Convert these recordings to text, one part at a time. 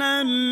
Nalla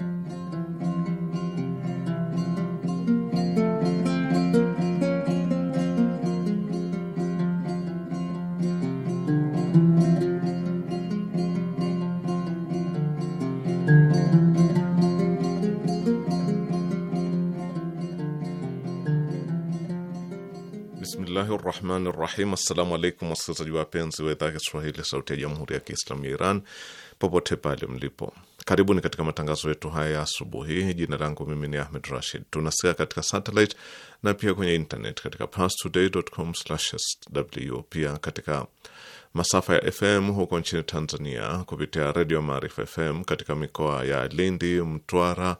rahmani rahim. Assalamu alaikum wasikilizaji wapenzi wa idhaa ya Kiswahili sauti ya jamhuri ya kiislamu ya Iran popote pale mlipo, karibuni katika matangazo yetu haya ya asubuhi. Jina langu mimi ni Ahmed Rashid. Tunasikia katika satellite na pia kwenye internet katika parstoday.com/sw, pia katika masafa ya FM huko nchini Tanzania kupitia redio Maarifa FM katika mikoa ya Lindi, Mtwara,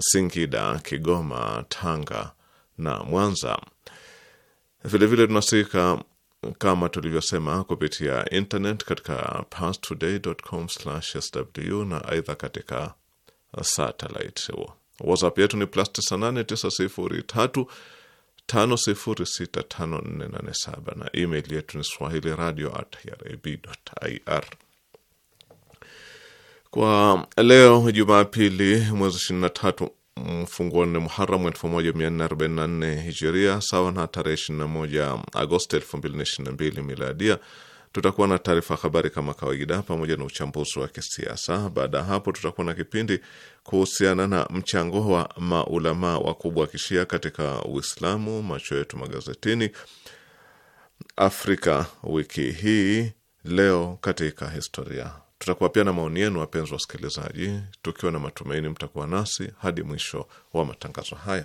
Singida, Kigoma, Tanga na Mwanza. Vilevile tunasikika kama tulivyosema kupitia internet katika parstoday.com/sw na aidha katika satellite. WhatsApp yetu ni plus 989035065487 na email yetu ni swahili radio at irib.ir. Kwa leo Jumapili mwezi 23 mfunguo mm, nne Muharam 1444 hijiria sawa na tarehe 21 Agosti 2022 miladia. Tutakuwa na taarifa habari kama kawaida, pamoja na uchambuzi wa kisiasa. Baada ya hapo, tutakuwa na kipindi kuhusiana na mchango wa maulamaa wakubwa wa kishia katika Uislamu, macho yetu magazetini, Afrika wiki hii, leo katika historia Tutakuwa pia na maoni yenu, wapenzi wasikilizaji, tukiwa na matumaini mtakuwa nasi hadi mwisho wa matangazo haya.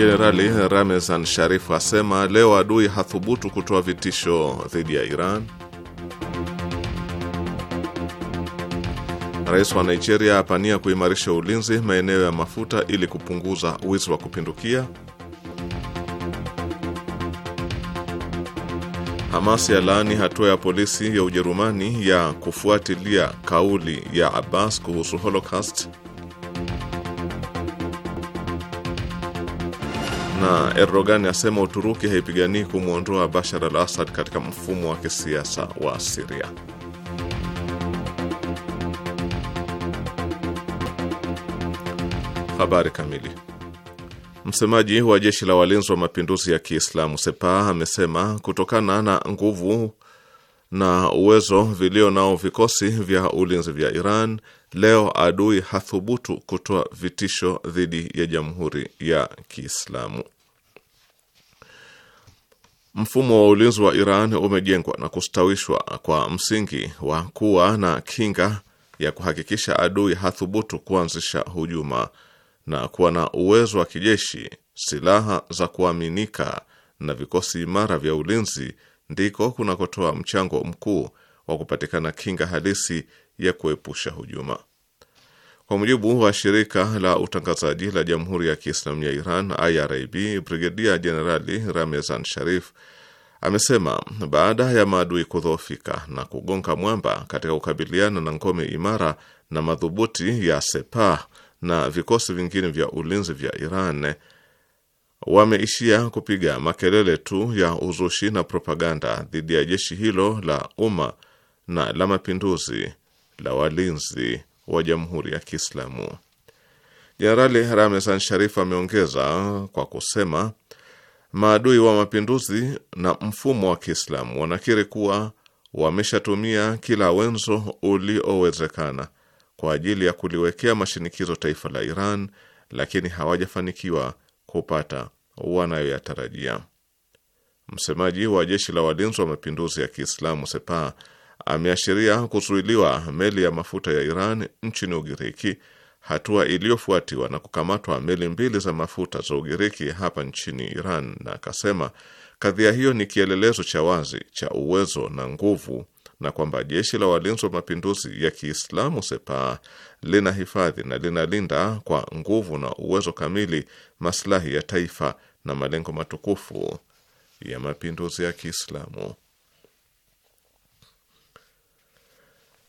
Jenerali Ramezan Sharifu asema leo adui hathubutu kutoa vitisho dhidi ya Iran. Rais wa Nigeria apania kuimarisha ulinzi maeneo ya mafuta ili kupunguza wizi wa kupindukia. Hamas ya laani hatua ya polisi ya Ujerumani ya kufuatilia kauli ya Abbas kuhusu Holocaust. na Erdogan asema Uturuki haipiganii kumwondoa Bashar al Assad katika mfumo wa kisiasa wa Siria. Habari kamili. Msemaji wa jeshi la walinzi wa mapinduzi ya Kiislamu Sepah amesema kutokana na nguvu na uwezo vilio nao vikosi vya ulinzi vya Iran, leo adui hathubutu kutoa vitisho dhidi ya jamhuri ya Kiislamu. Mfumo wa ulinzi wa Iran umejengwa na kustawishwa kwa msingi wa kuwa na kinga ya kuhakikisha adui hathubutu kuanzisha hujuma na kuwa na uwezo wa kijeshi, silaha za kuaminika na vikosi imara vya ulinzi ndiko kunakotoa mchango mkuu wa kupatikana kinga halisi ya kuepusha hujuma. Kwa mujibu wa shirika la utangazaji la Jamhuri ya Kiislamu ya Iran, IRIB, Brigedia Jenerali Ramezan Sharif amesema baada ya maadui kudhoofika na kugonga mwamba katika kukabiliana na ngome imara na madhubuti ya Sepah na vikosi vingine vya ulinzi vya Iran wameishia kupiga makelele tu ya uzushi na propaganda dhidi ya jeshi hilo la umma na la mapinduzi la walinzi wa Jamhuri ya Kiislamu. Jenerali Ramezan Sharif ameongeza kwa kusema maadui wa mapinduzi na mfumo wa Kiislamu wanakiri kuwa wameshatumia kila wenzo uliowezekana kwa ajili ya kuliwekea mashinikizo taifa la Iran, lakini hawajafanikiwa kupata wanayoyatarajia. Msemaji wa jeshi la walinzi wa mapinduzi ya Kiislamu Sepah ameashiria kuzuiliwa meli ya mafuta ya Iran nchini Ugiriki, hatua iliyofuatiwa na kukamatwa meli mbili za mafuta za Ugiriki hapa nchini Iran, na akasema kadhia hiyo ni kielelezo cha wazi cha uwezo na nguvu na kwamba jeshi la walinzi wa mapinduzi ya Kiislamu Sepa lina hifadhi na linalinda kwa nguvu na uwezo kamili maslahi ya taifa na malengo matukufu ya mapinduzi ya Kiislamu.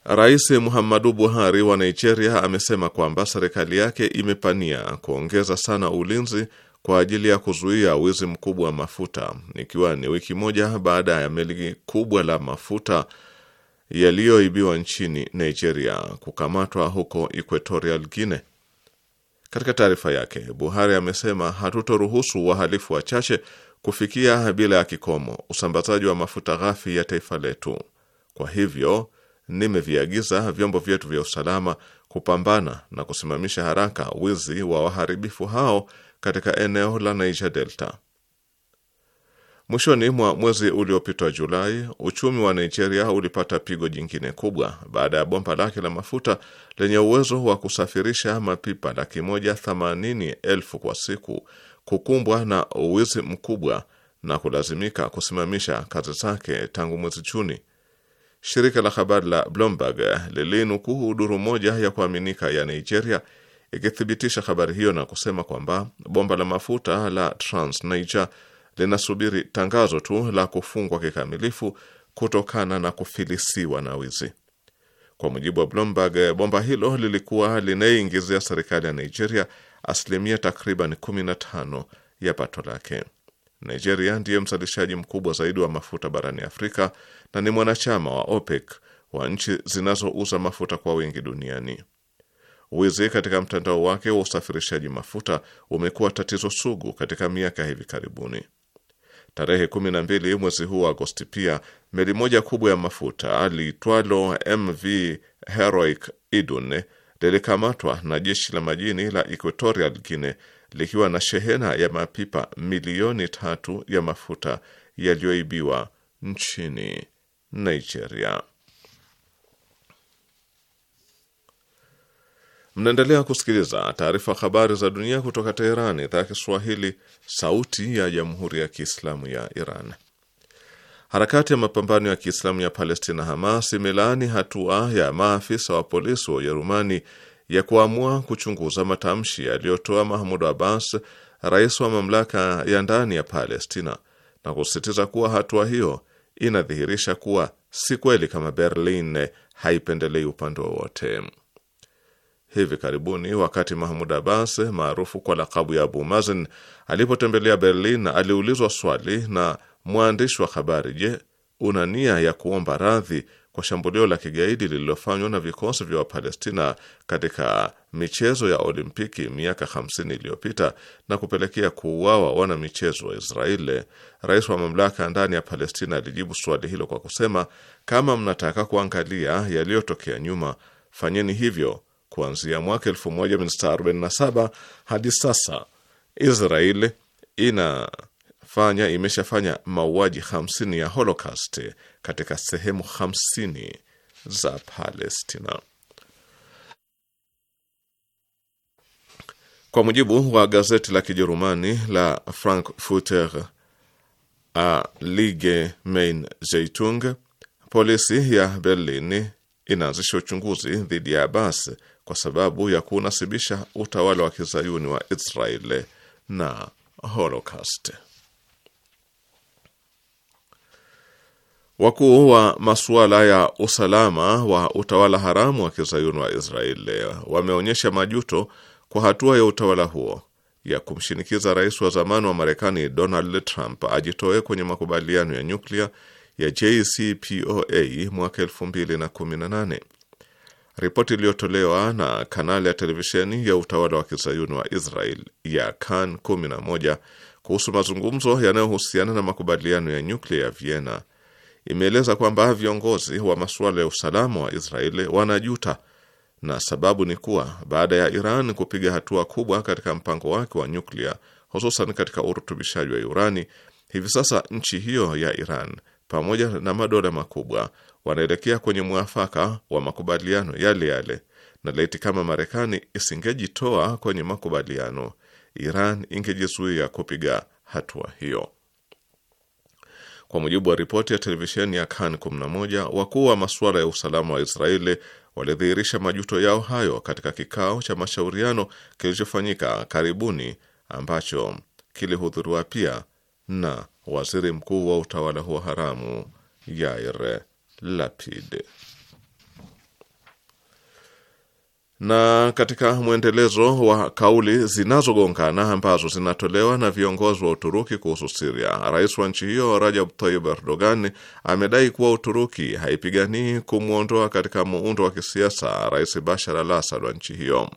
Rais Muhammadu Buhari wa Nigeria amesema kwamba serikali yake imepania kuongeza sana ulinzi kwa ajili ya kuzuia wizi mkubwa wa mafuta, ikiwa ni wiki moja baada ya meli kubwa la mafuta yaliyoibiwa nchini Nigeria kukamatwa huko Equatorial Guinea. Katika taarifa yake, Buhari amesema hatutoruhusu wahalifu wachache kufikia bila ya kikomo usambazaji wa mafuta ghafi ya taifa letu. Kwa hivyo nimeviagiza vyombo vyetu vya usalama kupambana na kusimamisha haraka wizi wa waharibifu hao katika eneo la Niger Delta. Mwishoni mwa mwezi uliopita Julai, uchumi wa Nigeria ulipata pigo jingine kubwa baada ya bomba lake la mafuta lenye uwezo wa kusafirisha mapipa laki moja themanini elfu kwa siku kukumbwa na uwizi mkubwa na kulazimika kusimamisha kazi zake tangu mwezi Juni Shirika la habari la Bloomberg lilinukuu huduru moja ya kuaminika ya Nigeria ikithibitisha habari hiyo na kusema kwamba bomba la mafuta la Trans Niger linasubiri tangazo tu la kufungwa kikamilifu kutokana na kufilisiwa na wizi. Kwa mujibu wa Bloomberg, bomba hilo lilikuwa linaingizia serikali ya Nigeria asilimia takriban 15 ya pato lake. Nigeria ndiye mzalishaji mkubwa zaidi wa mafuta barani Afrika na ni mwanachama wa OPEC wa nchi zinazouza mafuta kwa wingi duniani. Wizi katika mtandao wake wa usafirishaji mafuta umekuwa tatizo sugu katika miaka hivi karibuni. Tarehe 12 mwezi huu wa Agosti, pia meli moja kubwa ya mafuta liitwalo MV Heroic Idun lilikamatwa na jeshi la majini la Equatorial Guinea likiwa na shehena ya mapipa milioni tatu ya mafuta yaliyoibiwa nchini Nigeria. Mnaendelea kusikiliza taarifa habari za dunia kutoka Teherani, idhaa ya Kiswahili, sauti ya jamhuri ya kiislamu ya Iran. Harakati ya mapambano ya kiislamu ya Palestina, Hamas, imelaani hatua ya maafisa wa polisi wa Ujerumani ya kuamua kuchunguza matamshi aliyotoa Mahmud Abbas, rais wa mamlaka ya ndani ya Palestina, na kusisitiza kuwa hatua hiyo inadhihirisha kuwa si kweli kama Berlin haipendelei upande wowote. Hivi karibuni wakati Mahmud Abbas maarufu kwa lakabu ya Abu Mazen alipotembelea Berlin, aliulizwa swali na mwandishi wa habari: Je, una nia ya kuomba radhi kwa shambulio la kigaidi lililofanywa na vikosi vya Wapalestina katika michezo ya Olimpiki miaka 50 iliyopita na kupelekea kuuawa wanamichezo wa Israeli, rais wa mamlaka ndani ya Palestina alijibu suali hilo kwa kusema, kama mnataka kuangalia yaliyotokea nyuma, fanyeni hivyo. Kuanzia mwaka 1947 hadi sasa Israeli ina fanya imeshafanya mauaji 50 ya Holocaust katika sehemu 50 za Palestina. Kwa mujibu wa gazeti la Kijerumani la Frankfurter main Zeitung, polisi ya Berlin inaanzisha uchunguzi dhidi ya Abbas kwa sababu ya kunasibisha utawala wa kizayuni wa Israel na Holocaust. Wakuu wa masuala ya usalama wa utawala haramu wa kizayuni wa Israeli wameonyesha majuto kwa hatua ya utawala huo ya kumshinikiza rais wa zamani wa Marekani Donald Trump ajitoe kwenye makubaliano ya nyuklia ya JCPOA mwaka 2018. Ripoti iliyotolewa na kanali ya televisheni ya utawala wa kizayuni wa Israel ya Kan 11 kuhusu mazungumzo yanayohusiana na makubaliano ya nyuklia ya Vienna imeeleza kwamba viongozi wa masuala ya usalama wa Israeli wanajuta na sababu ni kuwa baada ya Iran kupiga hatua kubwa katika mpango wake wa nyuklia, hususan katika urutubishaji wa urani, hivi sasa nchi hiyo ya Iran pamoja na madola makubwa wanaelekea kwenye mwafaka wa makubaliano yale yale, na laiti kama Marekani isingejitoa kwenye makubaliano, Iran ingejizuia kupiga hatua hiyo. Kwa mujibu wa ripoti ya televisheni ya Kan 11, wakuu wa masuala ya usalama wa Israeli walidhihirisha majuto yao hayo katika kikao cha mashauriano kilichofanyika karibuni ambacho kilihudhuriwa pia na waziri mkuu wa utawala huo haramu Yair Lapid. Na katika mwendelezo wa kauli zinazogongana ambazo zinatolewa na viongozi wa Uturuki kuhusu Siria, rais wa nchi hiyo Rajab Tayyip Erdogan amedai kuwa Uturuki haipiganii kumwondoa katika muundo wa kisiasa Rais Bashar al Assad wa nchi hiyo.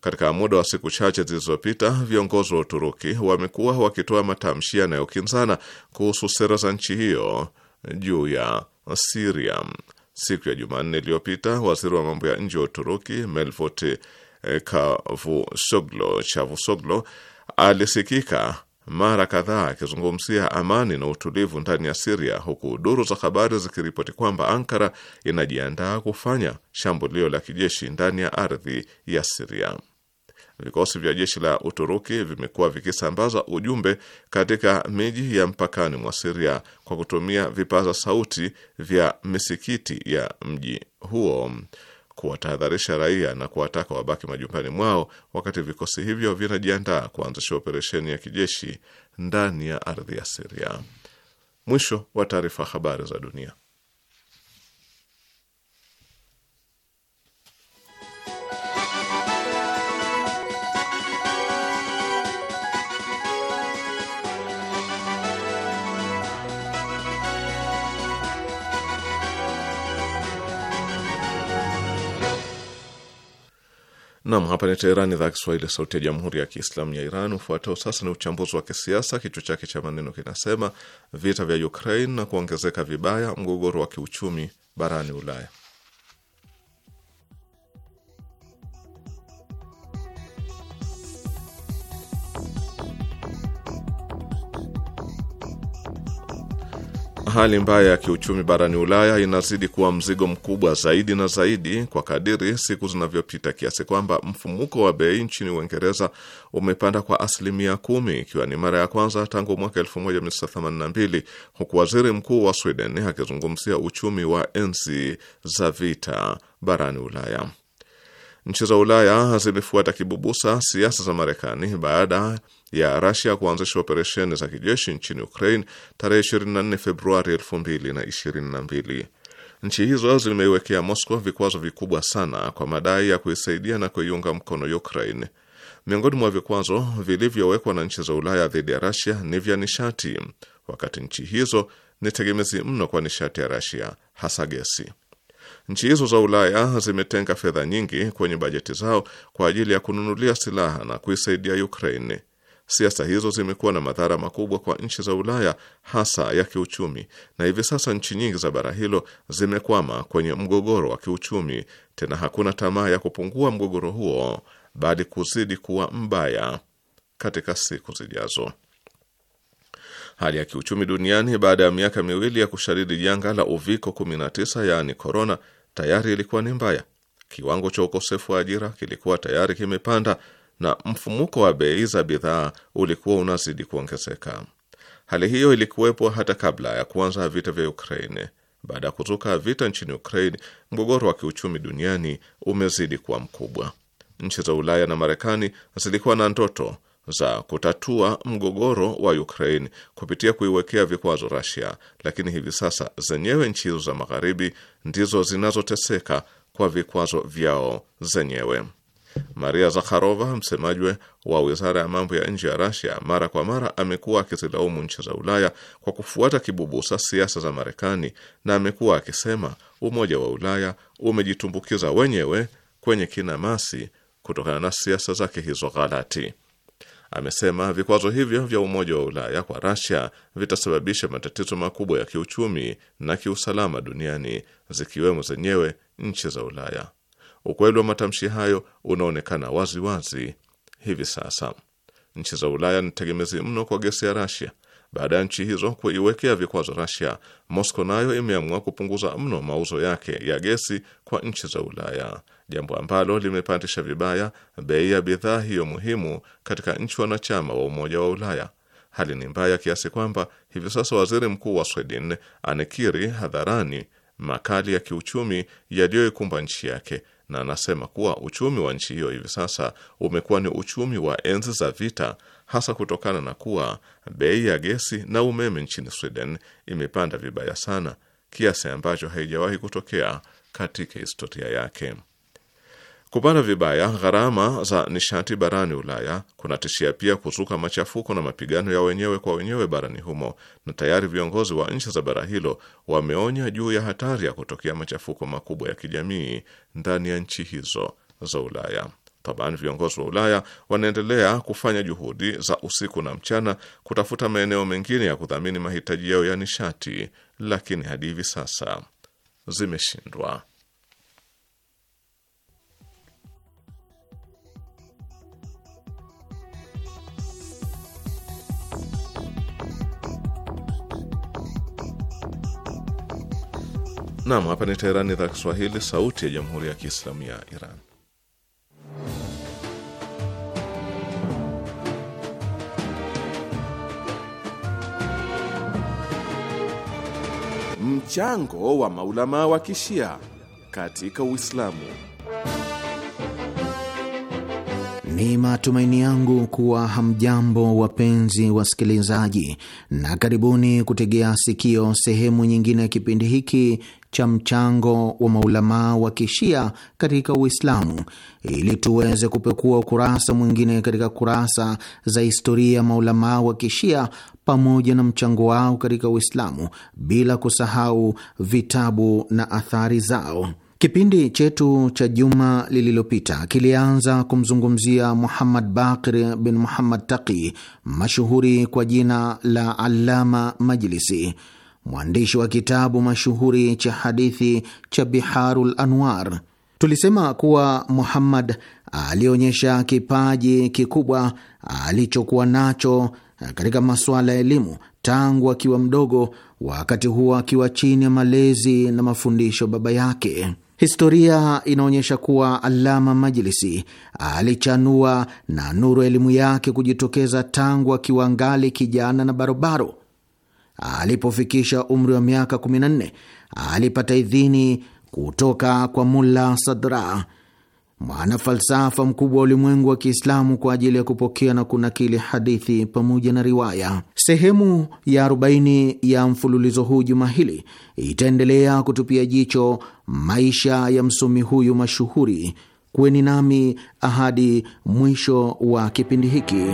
Katika muda wa siku chache zilizopita, viongozi wa Uturuki wamekuwa wakitoa matamshi yanayokinzana kuhusu sera za nchi hiyo juu ya Siria. Siku ya Jumanne iliyopita waziri wa mambo ya nje wa Uturuki Melvot Kavusoglo eh, Chavusoglo alisikika mara kadhaa akizungumzia amani na utulivu ndani ya Siria, huku duru za habari zikiripoti kwamba Ankara inajiandaa kufanya shambulio la kijeshi ndani ya ardhi ya Siria vikosi vya jeshi la Uturuki vimekuwa vikisambaza ujumbe katika miji ya mpakani mwa Siria kwa kutumia vipaza sauti vya misikiti ya mji huo kuwatahadharisha raia na kuwataka wabaki majumbani mwao wakati vikosi hivyo vinajiandaa kuanzisha operesheni ya kijeshi ndani ya ardhi ya Siria. Mwisho wa taarifa. Habari za dunia. Hapa ni Teherani, idhaa ya Kiswahili, sauti ya jamhuri ya kiislamu ya Iran. Ufuatao sasa ni uchambuzi wa kisiasa, kichwa chake cha maneno kinasema: vita vya Ukraine na kuongezeka vibaya mgogoro wa kiuchumi barani Ulaya. hali mbaya ya kiuchumi barani Ulaya inazidi kuwa mzigo mkubwa zaidi na zaidi kwa kadiri siku zinavyopita, kiasi kwamba mfumuko wa bei nchini Uingereza umepanda kwa asilimia kumi ikiwa ni mara ya kwanza tangu mwaka 1982 huku waziri mkuu wa Sweden akizungumzia uchumi wa enzi za vita barani Ulaya. Nchi za Ulaya zimefuata kibubusa siasa za Marekani baada ya Rasia kuanzisha operesheni za kijeshi nchini Ukraine tarehe 24 Februari 2022. Nchi hizo zimeiwekea Moscow vikwazo vikubwa sana kwa madai ya kuisaidia na kuiunga mkono Ukraine. Miongoni mwa vikwazo vilivyowekwa na nchi za Ulaya dhidi ya Rasia ni vya nishati, wakati nchi hizo ni tegemezi mno kwa nishati ya Rasia, hasa gesi. Nchi hizo za Ulaya zimetenga fedha nyingi kwenye bajeti zao kwa ajili ya kununulia silaha na kuisaidia Ukraine. Siasa hizo zimekuwa na madhara makubwa kwa nchi za Ulaya, hasa ya kiuchumi, na hivi sasa nchi nyingi za bara hilo zimekwama kwenye mgogoro wa kiuchumi. Tena hakuna tamaa ya kupungua mgogoro huo, bali kuzidi kuwa mbaya katika siku zijazo. Hali ya kiuchumi duniani baada ya miaka miwili ya kushadidi janga la uviko 19, yaani korona, tayari ilikuwa ni mbaya. Kiwango cha ukosefu wa ajira kilikuwa tayari kimepanda na mfumuko wa bei za bidhaa ulikuwa unazidi kuongezeka. Hali hiyo ilikuwepo hata kabla ya kuanza vita vya Ukraine. Baada ya kuzuka vita nchini Ukraine, mgogoro wa kiuchumi duniani umezidi kuwa mkubwa. Nchi za Ulaya na Marekani zilikuwa na ndoto za kutatua mgogoro wa Ukraine kupitia kuiwekea vikwazo Russia, lakini hivi sasa zenyewe nchi hizo za magharibi ndizo zinazoteseka kwa vikwazo vyao zenyewe. Maria Zakharova, msemaji wa wizara ya mambo ya nje ya Rasia, mara kwa mara amekuwa akizilaumu nchi za Ulaya kwa kufuata kibubusa siasa za Marekani na amekuwa akisema Umoja wa Ulaya umejitumbukiza wenyewe kwenye kinamasi kutokana na siasa zake hizo ghalati. Amesema vikwazo hivyo vya Umoja wa Ulaya kwa Rasia vitasababisha matatizo makubwa ya kiuchumi na kiusalama duniani zikiwemo zenyewe nchi za Ulaya. Ukweli wa matamshi hayo unaonekana waziwazi wazi hivi sasa. Nchi za Ulaya ni tegemezi mno kwa gesi ya Rasia. Baada ya nchi hizo kuiwekea vikwazo Rasia, Moscow nayo imeamua kupunguza mno mauzo yake ya gesi kwa nchi za Ulaya, jambo ambalo limepandisha vibaya bei ya bidhaa hiyo muhimu katika nchi wanachama wa Umoja wa Ulaya. Hali ni mbaya kiasi kwamba hivi sasa waziri mkuu wa Sweden anekiri hadharani makali ya kiuchumi yaliyoikumba nchi yake na anasema kuwa uchumi wa nchi hiyo hivi sasa umekuwa ni uchumi wa enzi za vita, hasa kutokana na kuwa bei ya gesi na umeme nchini Sweden imepanda vibaya sana, kiasi ambacho haijawahi kutokea katika historia yake. Kupanda vibaya gharama za nishati barani Ulaya kunatishia pia kuzuka machafuko na mapigano ya wenyewe kwa wenyewe barani humo, na tayari viongozi wa nchi za bara hilo wameonya juu ya hatari ya kutokea machafuko makubwa ya kijamii ndani ya nchi hizo za Ulaya. Taban, viongozi wa Ulaya wanaendelea kufanya juhudi za usiku na mchana kutafuta maeneo mengine ya kudhamini mahitaji yao ya nishati, lakini hadi hivi sasa zimeshindwa. Naam, hapa ni Teherani, idhaa Kiswahili, sauti ya jamhuri ya kiislamu ya Iran. Mchango wa maulama wa kishia katika Uislamu. Ni matumaini yangu kuwa hamjambo wapenzi wasikilizaji, na karibuni kutegea sikio sehemu nyingine ya kipindi hiki cha mchango wa maulamaa wa kishia katika Uislamu ili tuweze kupekua ukurasa mwingine katika kurasa za historia ya maulamaa wa kishia pamoja na mchango wao katika Uislamu, bila kusahau vitabu na athari zao. Kipindi chetu cha juma lililopita kilianza kumzungumzia Muhammad Baqir bin Muhammad Taqi, mashuhuri kwa jina la Allama Majlisi mwandishi wa kitabu mashuhuri cha hadithi cha Biharul Anwar. Tulisema kuwa Muhammad alionyesha kipaji kikubwa alichokuwa nacho katika masuala ya elimu tangu akiwa mdogo, wakati huo akiwa chini ya malezi na mafundisho baba yake. Historia inaonyesha kuwa Alama Majlisi alichanua na nuru elimu yake kujitokeza tangu akiwa ngali kijana na barobaro Alipofikisha umri wa miaka 14 alipata idhini kutoka kwa Mulla Sadra, mwana falsafa mkubwa wa ulimwengu wa Kiislamu, kwa ajili ya kupokea na kunakili hadithi pamoja na riwaya. Sehemu ya 40 ya mfululizo huu juma hili itaendelea kutupia jicho maisha ya msomi huyu mashuhuri. kweni nami ahadi mwisho wa kipindi hiki.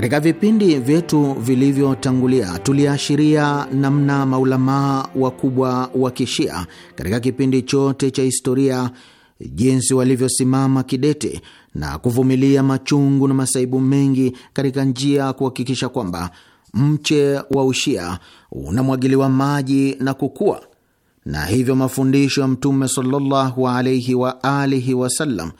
Katika vipindi vyetu vilivyotangulia tuliashiria namna maulamaa wakubwa wa kishia katika kipindi chote cha historia jinsi walivyosimama kidete na kuvumilia machungu na masaibu mengi katika njia ya kuhakikisha kwamba mche wa ushia unamwagiliwa maji na kukua, na hivyo mafundisho ya Mtume sallallahu alaihi wa alihi wasallam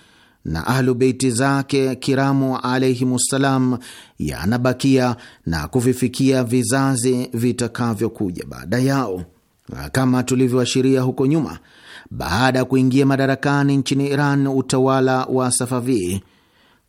na Ahlu Beiti zake kiramu alaihimussalam yanabakia na kuvifikia vizazi vitakavyokuja baada yao. Kama tulivyoashiria huko nyuma, baada ya kuingia madarakani nchini Iran utawala wa Safavi,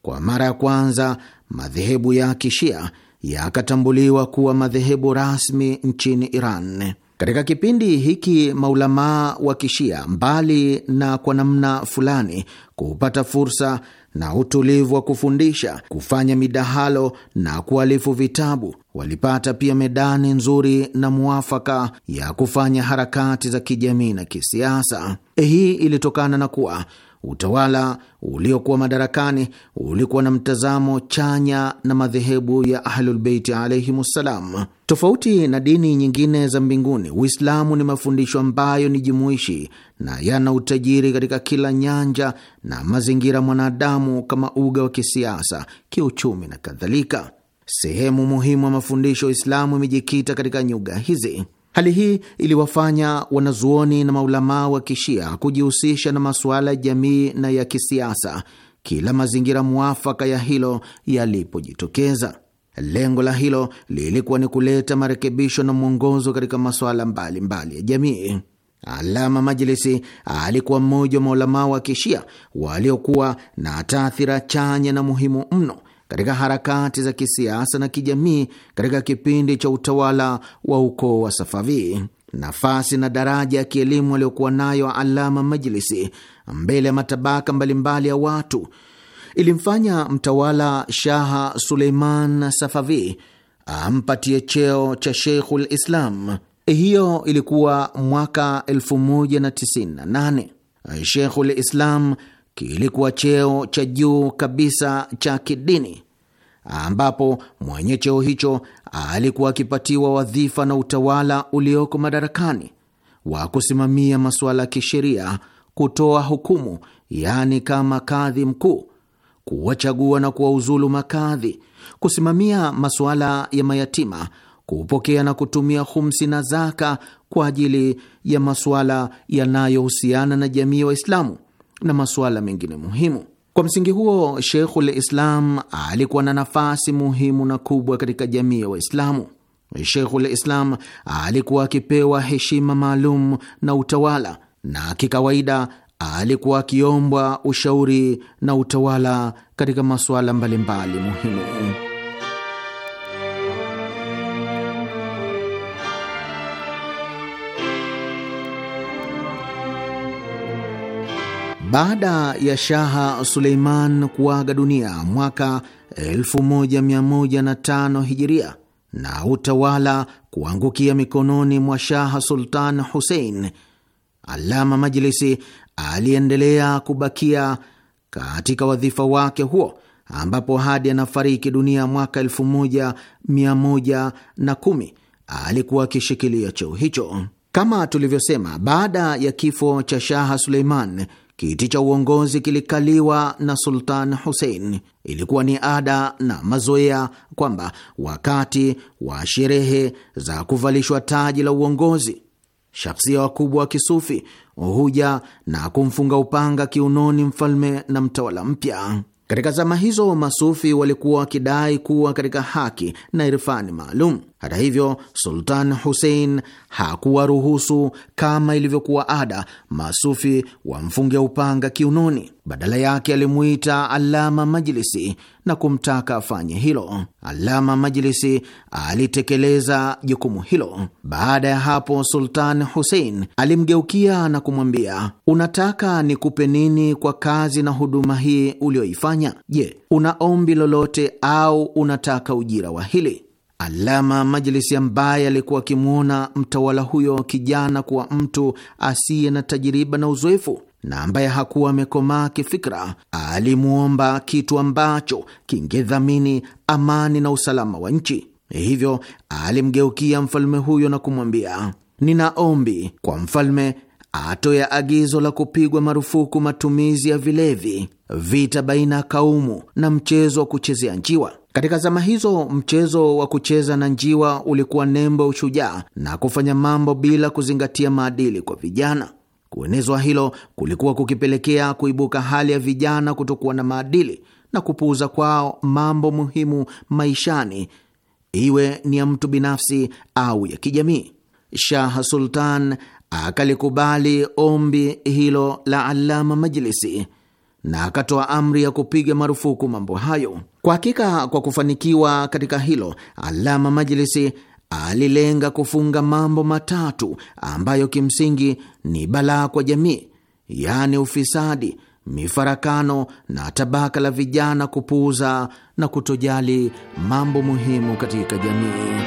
kwa mara ya kwanza madhehebu ya Kishia yakatambuliwa kuwa madhehebu rasmi nchini Iran. Katika kipindi hiki maulamaa wa Kishia, mbali na kwa namna fulani kupata fursa na utulivu wa kufundisha, kufanya midahalo na kualifu vitabu, walipata pia medani nzuri na muafaka ya kufanya harakati za kijamii na kisiasa. Hii ilitokana na kuwa Utawala uliokuwa madarakani ulikuwa na mtazamo chanya na madhehebu ya Ahlulbeiti alaihimussalam. Tofauti na dini nyingine za mbinguni, Uislamu ni mafundisho ambayo ni jumuishi na yana utajiri katika kila nyanja na mazingira mwanadamu, kama uga wa kisiasa, kiuchumi na kadhalika. Sehemu muhimu ya mafundisho ya Uislamu imejikita katika nyuga hizi. Hali hii iliwafanya wanazuoni na maulamaa wa kishia kujihusisha na masuala ya jamii na ya kisiasa kila mazingira mwafaka ya hilo yalipojitokeza. Lengo la hilo lilikuwa ni kuleta marekebisho na mwongozo katika masuala mbalimbali ya jamii. Alama Majlisi alikuwa mmoja wa maulamaa wa kishia waliokuwa na taathira chanya na muhimu mno katika harakati za kisiasa na kijamii katika kipindi cha utawala wa ukoo wa Safavi. Nafasi na daraja ya kielimu aliyokuwa nayo Alama Majlisi mbele ya matabaka mbalimbali ya watu ilimfanya mtawala Shaha Suleiman Safavi ampatie cheo cha Sheikhul Islam. Hiyo ilikuwa mwaka 198 Sheikhul Islam kilikuwa cheo cha juu kabisa cha kidini, ambapo mwenye cheo hicho alikuwa akipatiwa wadhifa na utawala ulioko madarakani wa kusimamia masuala ya kisheria, kutoa hukumu, yaani kama kadhi mkuu, kuwachagua na kuwauzulu makadhi, kusimamia masuala ya mayatima, kupokea na kutumia humsi na zaka kwa ajili ya masuala yanayohusiana na jamii ya Waislamu na masuala mengine muhimu. Kwa msingi huo, Sheikhul Islam alikuwa na nafasi muhimu na kubwa katika jamii ya Waislamu. Sheikhul Islam alikuwa akipewa heshima maalum na utawala, na kikawaida alikuwa akiombwa ushauri na utawala katika masuala mbalimbali muhimu. Baada ya Shaha Suleiman kuaga dunia mwaka 1105 Hijiria na utawala kuangukia mikononi mwa Shaha Sultan husein Alama Majlisi aliendelea kubakia katika wadhifa wake huo ambapo hadi anafariki dunia mwaka 1110 alikuwa akishikilia cheo hicho. Kama tulivyosema, baada ya kifo cha Shaha Suleiman Kiti cha uongozi kilikaliwa na Sultan Hussein. Ilikuwa ni ada na mazoea kwamba wakati wa sherehe za kuvalishwa taji la uongozi, shakhsia wakubwa wa kisufi huja na kumfunga upanga kiunoni mfalme na mtawala mpya. Katika zama hizo, masufi walikuwa wakidai kuwa katika haki na irfani maalum. Hata hivyo, Sultan Hussein hakuwaruhusu kama ilivyokuwa ada masufi wamfunge upanga kiunoni. Badala yake alimuita Alama Majlisi na kumtaka afanye hilo. Alama Majlisi alitekeleza jukumu hilo. Baada ya hapo, Sultan Hussein alimgeukia na kumwambia, unataka nikupe nini kwa kazi na huduma hii uliyoifanya? Je, una ombi lolote au unataka ujira wa hili? Alama Majlisi, ambaye alikuwa akimwona mtawala huyo kijana kuwa mtu asiye na tajiriba na uzoefu na ambaye hakuwa amekomaa kifikra, alimwomba kitu ambacho kingedhamini amani na usalama wa nchi. Hivyo alimgeukia mfalme huyo na kumwambia, nina ombi kwa mfalme atoe agizo la kupigwa marufuku matumizi ya vilevi, vita baina ya kaumu na mchezo wa kuchezea njiwa. Katika zama hizo mchezo wa kucheza na njiwa ulikuwa nembo ya ushujaa na kufanya mambo bila kuzingatia maadili kwa vijana. Kuenezwa hilo kulikuwa kukipelekea kuibuka hali ya vijana kutokuwa na maadili na kupuuza kwao mambo muhimu maishani, iwe ni ya mtu binafsi au ya kijamii. Shah Sultan akalikubali ombi hilo la Alama Majlisi na akatoa amri ya kupiga marufuku mambo hayo. Kwa hakika kwa kufanikiwa katika hilo, Alama Majlisi alilenga kufunga mambo matatu ambayo kimsingi ni balaa kwa jamii, yaani ufisadi, mifarakano na tabaka la vijana kupuuza na kutojali mambo muhimu katika jamii.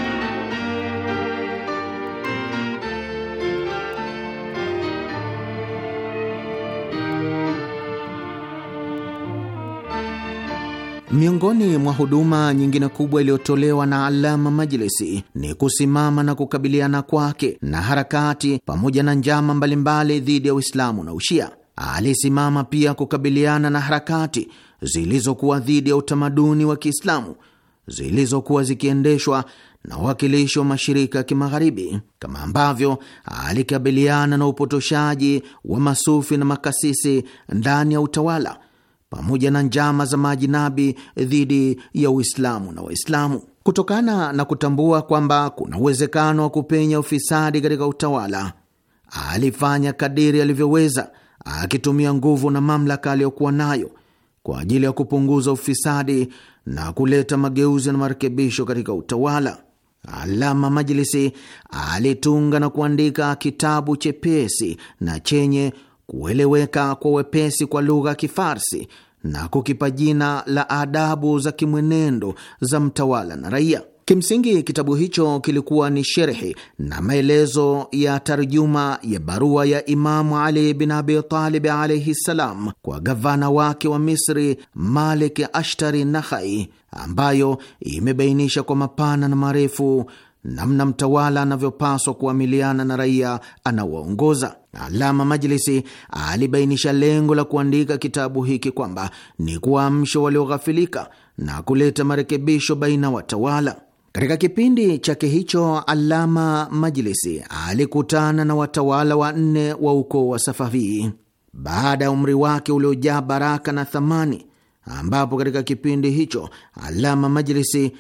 Miongoni mwa huduma nyingine kubwa iliyotolewa na Alama Majlisi ni kusimama na kukabiliana kwake na harakati pamoja na njama mbalimbali dhidi ya Uislamu na Ushia. Alisimama pia kukabiliana na harakati zilizokuwa dhidi ya utamaduni wa Kiislamu zilizokuwa zikiendeshwa na wawakilishi wa mashirika ya Kimagharibi, kama ambavyo alikabiliana na upotoshaji wa masufi na makasisi ndani ya utawala pamoja na njama za maajinabi dhidi ya Uislamu na Waislamu. Kutokana na kutambua kwamba kuna uwezekano wa kupenya ufisadi katika utawala, alifanya kadiri alivyoweza, akitumia nguvu na mamlaka aliyokuwa nayo kwa ajili ya kupunguza ufisadi na kuleta mageuzi na marekebisho katika utawala. Alama Majlisi alitunga na kuandika kitabu chepesi na chenye kueleweka kwa wepesi kwa lugha ya Kifarsi na kukipa jina la adabu za kimwenendo za mtawala na raia. Kimsingi, kitabu hicho kilikuwa ni sherhi na maelezo ya tarjuma ya barua ya Imamu Ali bin Abi Talib alaihi ssalam kwa gavana wake wa Misri Malik Ashtari Nahai, ambayo imebainisha kwa mapana na marefu namna mtawala anavyopaswa kuamiliana na raia anawaongoza. Alama Majlisi alibainisha lengo la kuandika kitabu hiki kwamba ni kuamsha walioghafilika na kuleta marekebisho baina watawala. Katika kipindi chake hicho, Alama Majlisi alikutana na watawala wanne wa ukoo wa Safavi baada ya umri wake uliojaa baraka na thamani, ambapo katika kipindi hicho Alama Majlisi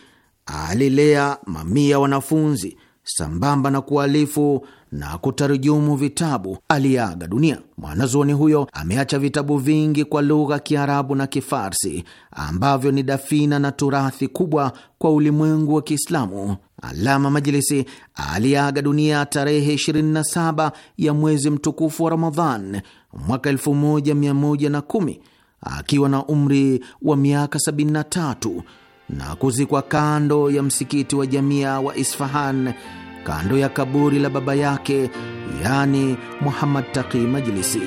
alilea mamia wanafunzi sambamba na kualifu na kutarujumu vitabu, aliaga dunia. Mwanazuoni huyo ameacha vitabu vingi kwa lugha Kiarabu na Kifarsi ambavyo ni dafina na turathi kubwa kwa ulimwengu wa Kiislamu. Alama Majlisi aliaga dunia tarehe 27 ya mwezi mtukufu wa Ramadhan mwaka 1110 akiwa na umri wa miaka 73 na kuzikwa kando ya msikiti wa Jamia wa Isfahan kando ya kaburi la baba yake, yani Muhammad Taqi Majlisi.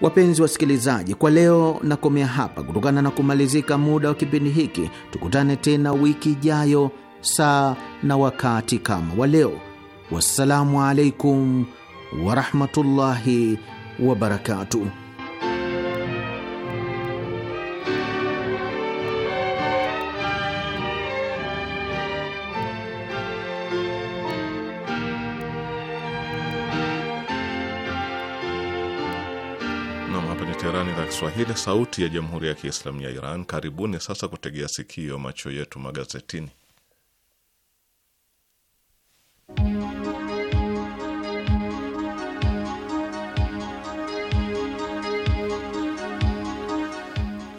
Wapenzi wasikilizaji, kwa leo nakomea hapa kutokana na kumalizika muda wa kipindi hiki. Tukutane tena wiki ijayo, saa na wakati kama wa leo. Wassalamu alaikum warahmatullahi wabarakatuh. Teherani, idhaa Kiswahili, sauti ya jamhuri ya kiislamu ya Iran. Karibuni sasa kutegea sikio, macho yetu magazetini.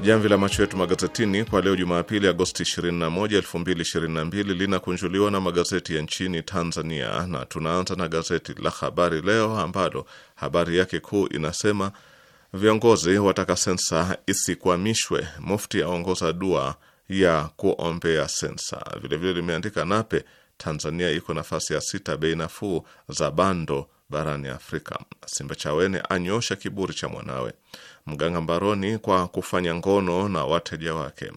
Jamvi la macho yetu magazetini kwa leo Jumapili, Agosti 21, 2022 linakunjuliwa na magazeti ya nchini Tanzania, na tunaanza na gazeti la Habari Leo ambalo habari yake kuu inasema viongozi wataka sensa isikwamishwe, Mufti aongoza dua ya kuombea sensa. Vilevile limeandika Nape, Tanzania iko nafasi ya sita bei nafuu za bando barani Afrika. Simba Chawene anyosha kiburi cha mwanawe mganga mbaroni kwa kufanya ngono na wateja wake,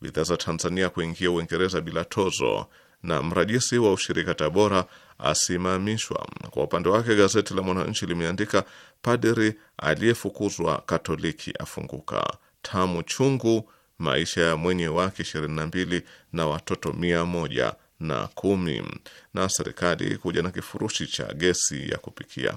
bidhaa za Tanzania kuingia Uingereza bila tozo, na mrajisi wa ushirika Tabora asimamishwa. Kwa upande wake, gazeti la Mwananchi limeandika padri aliyefukuzwa Katoliki afunguka, tamu chungu maisha ya mwenye wake 22 na watoto mia moja na kumi, na serikali kuja na kifurushi cha gesi ya kupikia.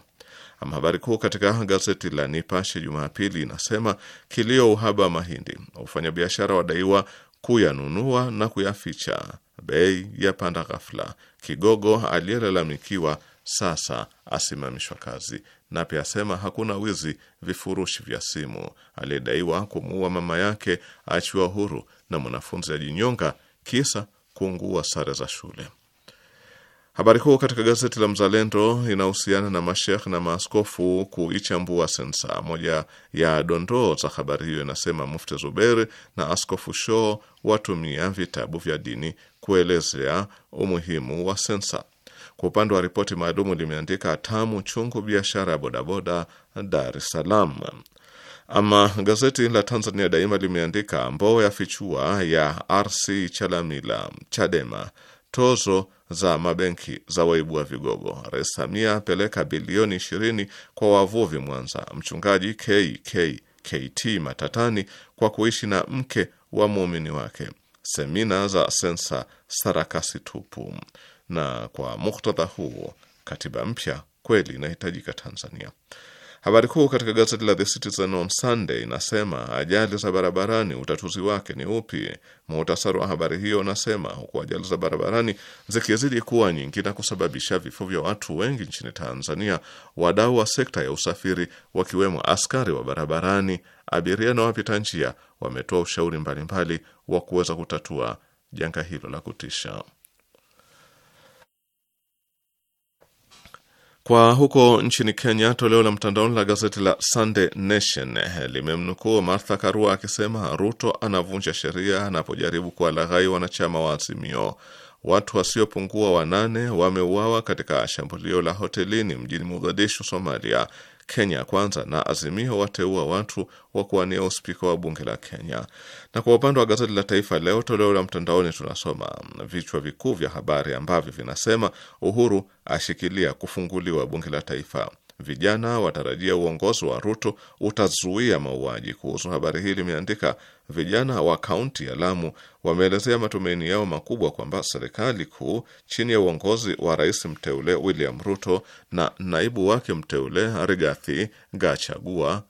Ama habari kuu katika gazeti la Nipashe Jumapili inasema kilio uhaba mahindi, wafanyabiashara wadaiwa kuyanunua na kuyaficha, bei yapanda ghafla, kigogo aliyelalamikiwa sasa asimamishwa kazi. Na pia asema hakuna wizi vifurushi vya simu, aliyedaiwa kumuua mama yake achiwa huru, na mwanafunzi ajinyonga kisa kuungua sare za shule. Habari kuu katika gazeti la Mzalendo inahusiana na mashekh na maaskofu kuichambua sensa. Moja ya dondoo za habari hiyo inasema Mufti Zuberi na Askofu Shoo watumia vitabu vya dini kuelezea umuhimu wa sensa. Kwa upande wa ripoti maalumu limeandika tamu chungu biashara ya bodaboda Dar es Salaam. Ama gazeti la Tanzania Daima limeandika Mbowe ya fichua ya RC Chalamila Chadema tozo za mabenki za waibua vigogo. Rais Samia apeleka bilioni ishirini kwa wavuvi Mwanza. Mchungaji KKKT matatani kwa kuishi na mke wa muumini wake. Semina za sensa sarakasi tupu. Na kwa muktadha huo, katiba mpya kweli inahitajika Tanzania. Habari kuu katika gazeti la The Citizen on Sunday inasema ajali za barabarani utatuzi wake ni upi? Muhtasari wa habari hiyo unasema huku ajali za barabarani zikizidi kuwa nyingi na kusababisha vifo vya watu wengi nchini Tanzania, wadau wa sekta ya usafiri wakiwemo askari wa barabarani, abiria na wapita njia wametoa ushauri mbalimbali wa kuweza kutatua janga hilo la kutisha. Kwa huko nchini Kenya, toleo la mtandaoni la gazeti la Sunday Nation eh, limemnukuu Martha Karua akisema Ruto anavunja sheria anapojaribu kuwalaghai wanachama wa Azimio. Watu wasiopungua wanane wameuawa katika shambulio la hotelini mjini Mogadishu, Somalia, Kenya Kwanza na Azimio wateua watu wa kuwania uspika wa bunge la Kenya. Na kwa upande wa gazeti la Taifa Leo toleo la mtandaoni, tunasoma vichwa vikuu vya habari ambavyo vinasema: Uhuru ashikilia kufunguliwa bunge la Taifa, vijana watarajia uongozi wa Ruto utazuia mauaji. Kuhusu habari hii limeandika vijana wa kaunti ya Lamu wameelezea matumaini yao makubwa kwamba serikali kuu chini ya uongozi wa rais mteule William Ruto na naibu wake mteule Rigathi Gachagua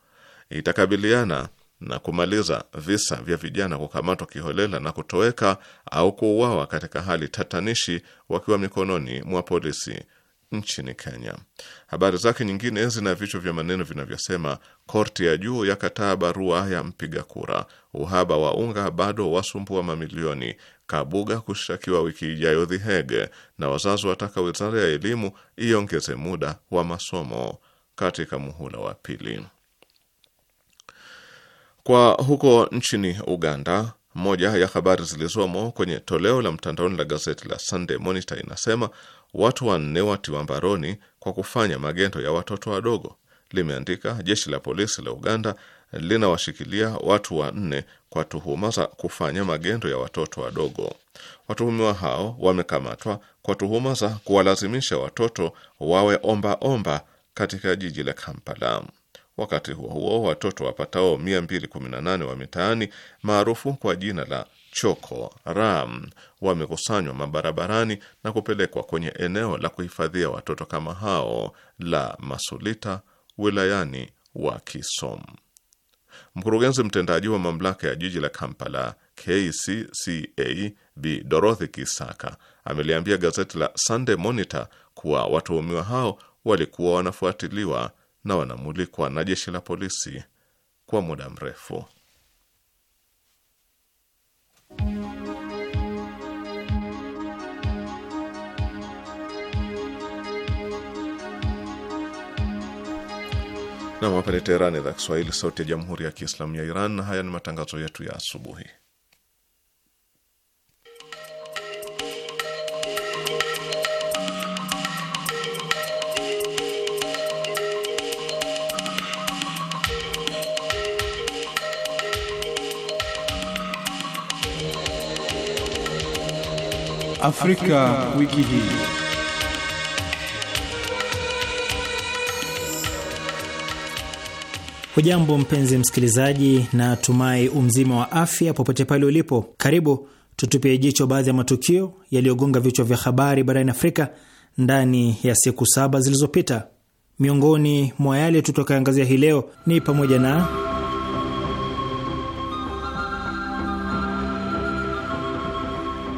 itakabiliana na kumaliza visa vya vijana kukamatwa kiholela na kutoweka au kuuawa katika hali tatanishi wakiwa mikononi mwa polisi nchini Kenya. Habari zake nyingine zina vichwa vya maneno vinavyosema korti ya juu yakataa barua ya mpiga kura, uhaba wa unga bado wasumbua wa mamilioni, Kabuga kushtakiwa wiki ijayo The Hague, na wazazi wataka wizara ya elimu iongeze muda wa masomo katika muhula wa pili. Kwa huko nchini Uganda, moja ya habari zilizomo kwenye toleo la mtandaoni la gazeti la Sunday Monitor inasema watu wanne watiwa mbaroni kwa kufanya magendo ya watoto wadogo, limeandika jeshi la polisi la Uganda linawashikilia watu wanne kwa tuhuma za kufanya magendo ya watoto wadogo. Watuhumiwa hao wamekamatwa kwa tuhuma za kuwalazimisha watoto wawe omba omba katika jiji la Kampala. Wakati huo huo, watoto wapatao 218 wa mitaani maarufu kwa jina la choko ram wamekusanywa mabarabarani na kupelekwa kwenye eneo la kuhifadhia watoto kama hao la Masulita wilayani wa Kisom. Mkurugenzi mtendaji wa mamlaka ya jiji la Kampala KCCA b Dorothy Kisaka ameliambia gazeti la Sunday Monitor kuwa watuhumiwa hao walikuwa wanafuatiliwa na wanamulikwa na jeshi la polisi kwa muda mrefu. Nam, hapa ni Teherani, idhaa Kiswahili, sauti ya jamhuri ya kiislamu ya Iran. Haya ni matangazo yetu ya asubuhi. Afrika, wiki hii. Hujambo mpenzi msikilizaji, na tumai umzima wa afya popote pale ulipo. Karibu tutupie jicho baadhi ya matukio yaliyogonga vichwa vya habari barani Afrika ndani ya siku saba zilizopita. Miongoni mwa yale tutakayoangazia hii leo ni pamoja na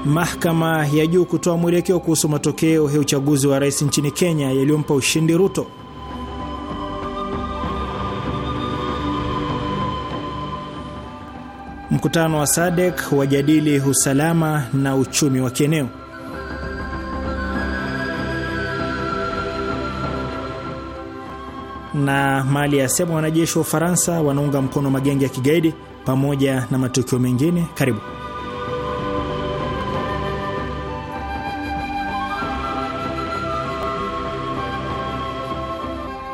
mahakama ya juu kutoa mwelekeo kuhusu matokeo ya uchaguzi wa rais nchini Kenya yaliyompa ushindi Ruto. Mkutano wa SADC wajadili usalama na uchumi wa kieneo. Na Mali yasema wanajeshi wa Ufaransa wanaunga mkono magenge ya kigaidi, pamoja na matukio mengine. Karibu.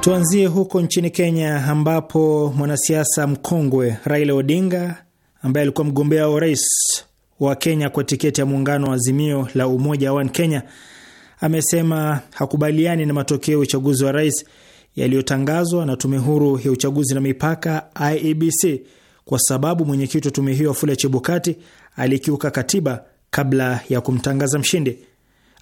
Tuanzie huko nchini Kenya, ambapo mwanasiasa mkongwe Raila Odinga ambaye alikuwa mgombea wa urais wa Kenya kwa tiketi ya muungano wa Azimio la Umoja wa Kenya amesema hakubaliani na matokeo ya uchaguzi wa rais yaliyotangazwa na Tume Huru ya Uchaguzi na Mipaka IEBC kwa sababu mwenyekiti wa tume hiyo Wafula Chebukati alikiuka katiba kabla ya kumtangaza mshindi.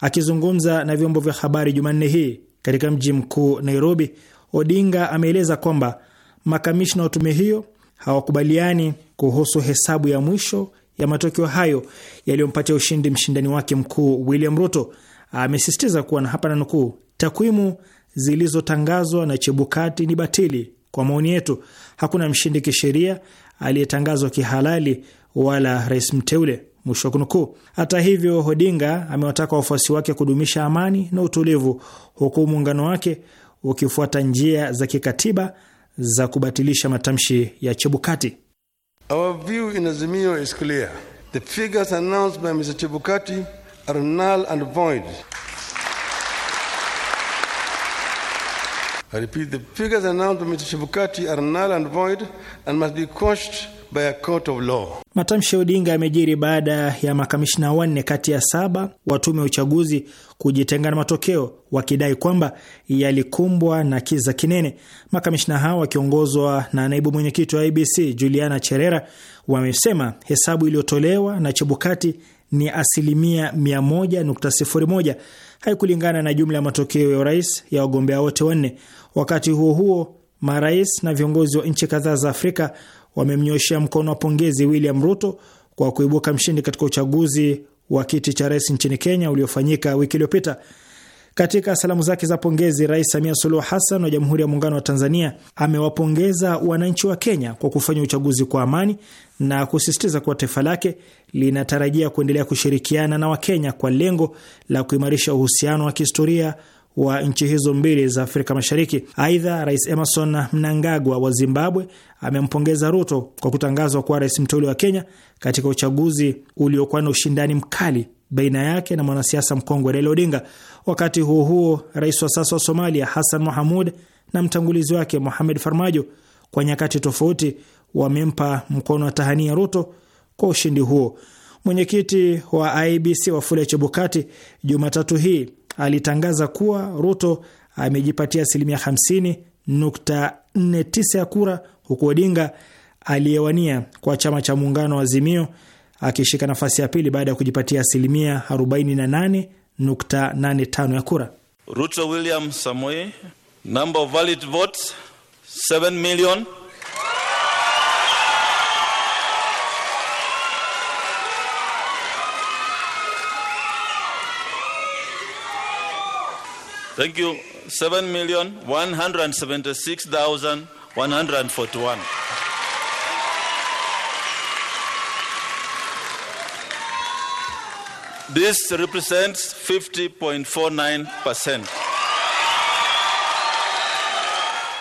Akizungumza na vyombo vya habari Jumanne hii katika mji mkuu Nairobi, Odinga ameeleza kwamba makamishna wa tume hiyo hawakubaliani kuhusu hesabu ya mwisho ya matokeo hayo yaliyompatia ushindi mshindani wake mkuu William Ruto. Amesisitiza kuwa na hapa na nukuu, takwimu zilizotangazwa na Chebukati ni batili. Kwa maoni yetu, hakuna mshindi kisheria aliyetangazwa kihalali wala rais mteule, mwisho wa kunukuu. Hata hivyo, Odinga amewataka wafuasi wake kudumisha amani na utulivu, huku muungano wake ukifuata njia za kikatiba za kubatilisha matamshi ya Chebukati. Our view in Azimio is clear. The figures announced by Mr. Chebukati are null and void. I repeat, the figures announced by Mr. Chebukati are null and void and must be quashed by a court of law. Matamshi ya Odinga yamejiri baada ya makamishna wanne kati ya saba wa tume ya uchaguzi kujitenga na matokeo wakidai kwamba yalikumbwa na kiza kinene. Makamishna hao wakiongozwa na naibu mwenyekiti wa IBC Juliana Cherera wamesema hesabu iliyotolewa na Chebukati ni asilimia 100.01 haikulingana na jumla ya matokeo ya urais ya wagombea wote wanne. Wakati huo huo, marais na viongozi wa nchi kadhaa za Afrika wamemnyoshea mkono wa pongezi William Ruto kwa kuibuka mshindi katika uchaguzi wa kiti cha rais nchini Kenya uliofanyika wiki iliyopita. Katika salamu zake za pongezi, Rais Samia Suluhu Hassan wa Jamhuri ya Muungano wa Tanzania amewapongeza wananchi wa Kenya kwa kufanya uchaguzi kwa amani na kusisitiza kuwa taifa lake linatarajia kuendelea kushirikiana na Wakenya kwa lengo la kuimarisha uhusiano wa kihistoria wa nchi hizo mbili za Afrika Mashariki. Aidha, Rais Emerson Mnangagwa wa Zimbabwe amempongeza Ruto kwa kutangazwa kuwa rais mteule wa Kenya katika uchaguzi uliokuwa na ushindani mkali baina yake na mwanasiasa mkongwe Raila Odinga. Wakati huo huo, rais wa sasa wa Somalia Hassan Mahamud na mtangulizi wake Mohamed Farmajo kwa nyakati tofauti wamempa mkono wa tahania Ruto kwa ushindi huo. Mwenyekiti wa IBC Wafula Chebukati Jumatatu hii alitangaza kuwa Ruto amejipatia asilimia 50.49 ya kura huku Odinga aliyewania kwa chama cha muungano wa Azimio akishika nafasi ya pili baada ya kujipatia asilimia 48.85 ya kura. Ruto William Samoei, number of valid votes 7 million Thank you. 7 million 176,141. This represents 50.49%.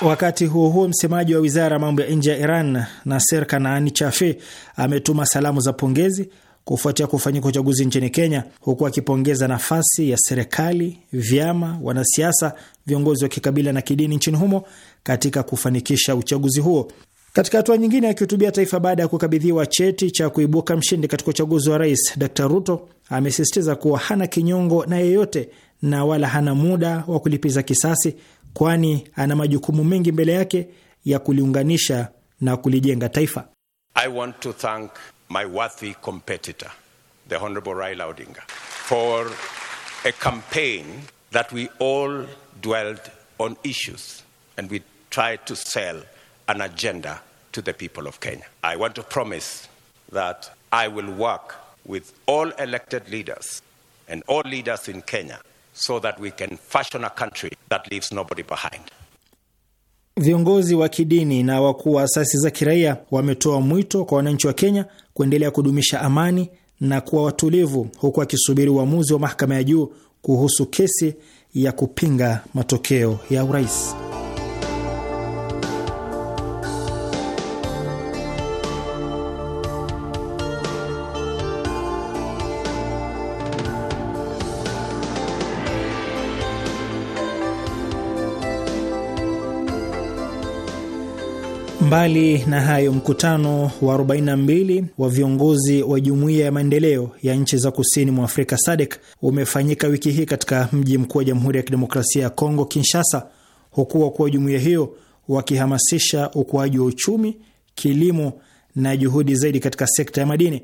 Wakati huo huo, msemaji wa wizara ya mambo ya nje ya Iran Naser Kanaani Chafe ametuma salamu za pongezi kufuatia kufanyika uchaguzi nchini Kenya, huku akipongeza nafasi ya serikali, vyama, wanasiasa, viongozi wa kikabila na kidini nchini humo katika kufanikisha uchaguzi huo. Katika hatua nyingine, akihutubia taifa baada ya kukabidhiwa cheti cha kuibuka mshindi katika uchaguzi wa rais, Dr Ruto amesisitiza kuwa hana kinyongo na yeyote na wala hana muda wa kulipiza kisasi, kwani ana majukumu mengi mbele yake ya kuliunganisha na kulijenga taifa. I want to thank my worthy competitor, the Honorable Raila Odinga, for a campaign that we all dwelled on issues and we tried to sell an agenda to the people of Kenya. I want to promise that I will work with all elected leaders and all leaders in Kenya so that we can fashion a country that leaves nobody behind. Viongozi wa kidini na wakuu wa asasi za kiraia wametoa mwito kwa wananchi wa Kenya kuendelea kudumisha amani na kuwa watulivu, huku akisubiri uamuzi wa mahakama ya juu kuhusu kesi ya kupinga matokeo ya urais. Mbali na hayo, mkutano wa 42 wa viongozi wa jumuiya ya maendeleo ya nchi za kusini mwa Afrika SADC umefanyika wiki hii katika mji mkuu wa Jamhuri ya Kidemokrasia ya Kongo, Kinshasa, huku wakuu wa jumuiya hiyo wakihamasisha ukuaji wa uchumi, kilimo na juhudi zaidi katika sekta ya madini.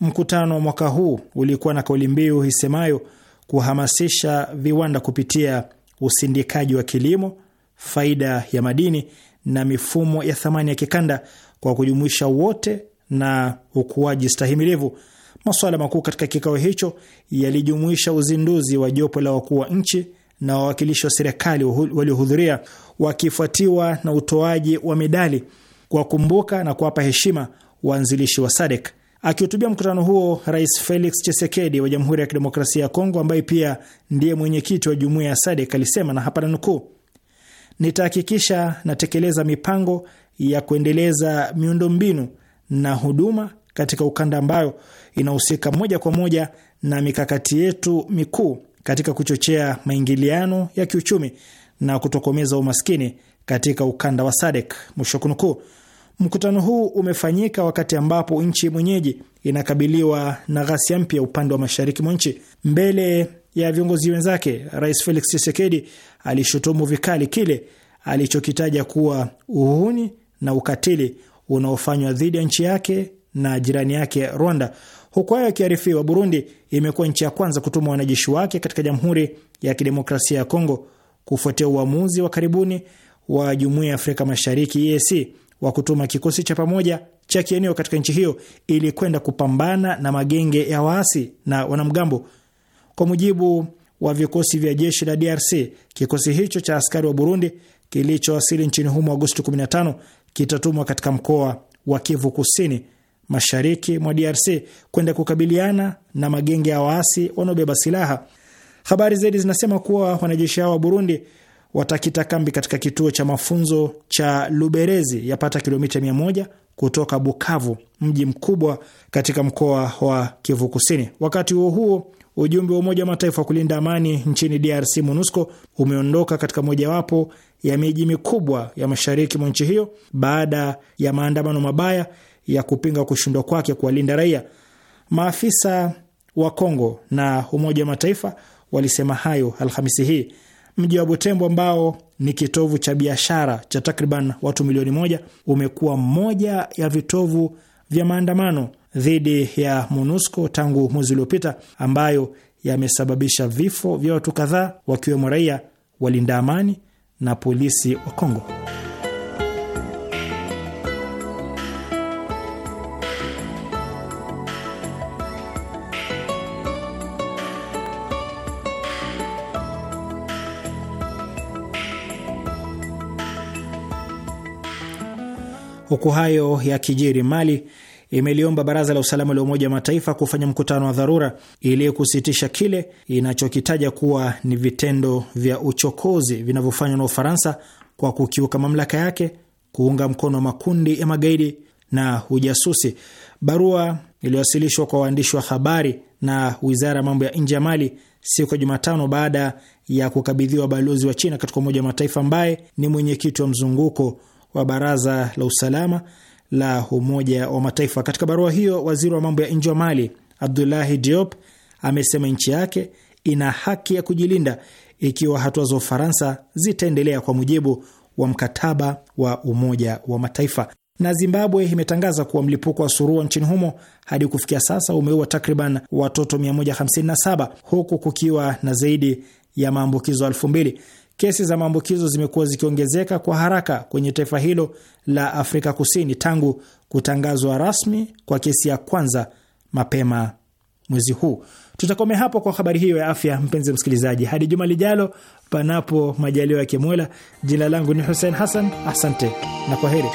Mkutano wa mwaka huu ulikuwa na kauli mbiu isemayo kuhamasisha viwanda kupitia usindikaji wa kilimo, faida ya madini na mifumo ya thamani ya kikanda kwa kujumuisha wote na ukuaji stahimilivu. Masuala makuu katika kikao hicho yalijumuisha uzinduzi wa jopo la wakuu wa nchi na wawakilishi wa serikali waliohudhuria wakifuatiwa na utoaji wa medali kuwakumbuka na kuwapa heshima waanzilishi wa SADC. Akihutubia mkutano huo, Rais Felix Tshisekedi wa Jamhuri ya Kidemokrasia ya Kongo, ambaye pia ndiye mwenyekiti wa jumuiya ya SADC, alisema na hapa nanukuu: nitahakikisha natekeleza mipango ya kuendeleza miundombinu na huduma katika ukanda ambayo inahusika moja kwa moja na mikakati yetu mikuu katika kuchochea maingiliano ya kiuchumi na kutokomeza umaskini katika ukanda wa SADC. Mwisho kunukuu. Mkutano huu umefanyika wakati ambapo nchi mwenyeji inakabiliwa na ghasia mpya upande wa mashariki mwa nchi. Mbele ya viongozi wenzake, Rais Felix Tshisekedi alishutumu vikali kile alichokitaja kuwa uhuni na ukatili unaofanywa dhidi ya nchi yake na jirani yake Rwanda. Huku hayo akiarifiwa, Burundi imekuwa nchi ya kwanza kutuma wanajeshi wake katika Jamhuri ya Kidemokrasia ya Kongo kufuatia uamuzi wa karibuni wa Jumuiya ya Afrika Mashariki EAC wa kutuma kikosi cha pamoja cha kieneo katika nchi hiyo ili kwenda kupambana na magenge ya waasi na wanamgambo kwa mujibu wa vikosi vya jeshi la DRC, kikosi hicho cha askari wa Burundi kilichowasili nchini humo Agosti 15 kitatumwa katika mkoa wa Kivu Kusini, mashariki mwa DRC kwenda kukabiliana na magenge ya waasi wanaobeba silaha. Habari zaidi zinasema kuwa wanajeshi hao wa Burundi watakita kambi katika kituo cha mafunzo cha Luberezi, yapata kilomita 100 kutoka Bukavu, mji mkubwa katika mkoa wa Kivu Kusini. Wakati huo huo Ujumbe wa Umoja wa Mataifa wa kulinda amani nchini DRC, MONUSCO, umeondoka katika mojawapo ya miji mikubwa ya mashariki mwa nchi hiyo baada ya maandamano mabaya ya kupinga kushindwa kwake kuwalinda raia. Maafisa wa Kongo na Umoja wa Mataifa walisema hayo Alhamisi hii. Mji wa Butembo ambao ni kitovu cha biashara cha takriban watu milioni moja umekuwa moja ya vitovu vya maandamano dhidi ya MONUSCO tangu mwezi uliopita, ambayo yamesababisha vifo vya watu kadhaa, wakiwemo raia walinda amani na polisi wa Kongo. Huku hayo ya kijiri Mali imeliomba baraza la usalama la Umoja wa Mataifa kufanya mkutano wa dharura ili kusitisha kile inachokitaja kuwa ni vitendo vya uchokozi vinavyofanywa na Ufaransa kwa kukiuka mamlaka yake, kuunga mkono makundi ya magaidi na ujasusi. Barua iliyowasilishwa kwa waandishi wa habari na wizara ya mambo ya nje ya Mali siku ya Jumatano baada ya kukabidhiwa balozi wa China katika Umoja wa Mataifa ambaye ni mwenyekiti wa mzunguko wa baraza la usalama la Umoja wa Mataifa. Katika barua hiyo, waziri wa mambo ya nje wa Mali Abdulahi Diop amesema nchi yake ina haki ya kujilinda ikiwa hatua za Ufaransa zitaendelea kwa mujibu wa mkataba wa Umoja wa Mataifa. Na Zimbabwe imetangaza kuwa mlipuko wa surua nchini humo hadi kufikia sasa umeua takriban watoto 157 huku kukiwa na zaidi ya maambukizo elfu mbili kesi za maambukizo zimekuwa zikiongezeka kwa haraka kwenye taifa hilo la Afrika Kusini tangu kutangazwa rasmi kwa kesi ya kwanza mapema mwezi huu. Tutakomea hapo kwa habari hiyo ya afya, mpenzi msikilizaji, hadi juma lijalo, panapo majaliwa ya Kimola. Jina langu ni Hussein Hassan, asante na kwa heri.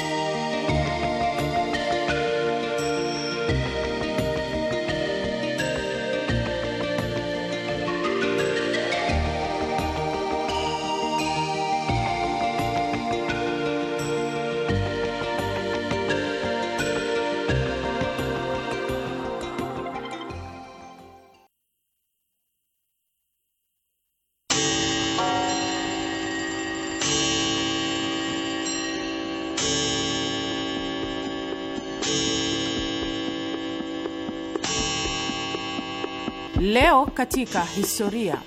katika historia.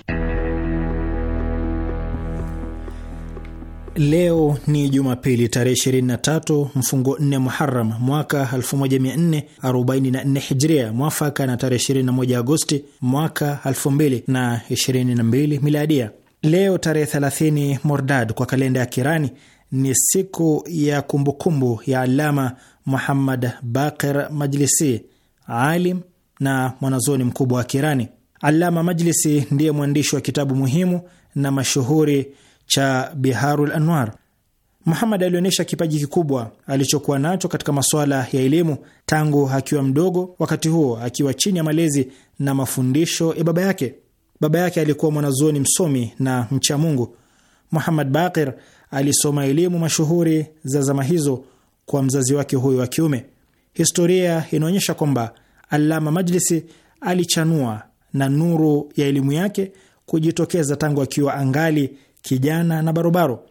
Leo ni Jumapili tarehe 23 mfungo 4 Muharam mwaka 1444 Hijria, mwafaka na tarehe 21 Agosti mwaka 2022 Miladia. Leo tarehe 30 Mordad kwa kalenda ya Kirani ni siku ya kumbukumbu -kumbu ya Alama Muhammad Baqir Majlisi, alim na mwanazoni mkubwa wa Kirani alama Majlisi ndiye mwandishi wa kitabu muhimu na mashuhuri cha Biharul Anwar. Muhammad alionyesha kipaji kikubwa alichokuwa nacho katika masuala ya elimu tangu akiwa mdogo, wakati huo akiwa chini ya malezi na mafundisho ya baba yake. Baba yake alikuwa mwanazuoni msomi na mcha Mungu. Muhammad Baqir alisoma elimu mashuhuri za zama hizo kwa mzazi wake huyo wa kiume. Historia inaonyesha kwamba Allama Majlisi alichanua na nuru ya elimu yake kujitokeza tangu akiwa angali kijana na barobaro.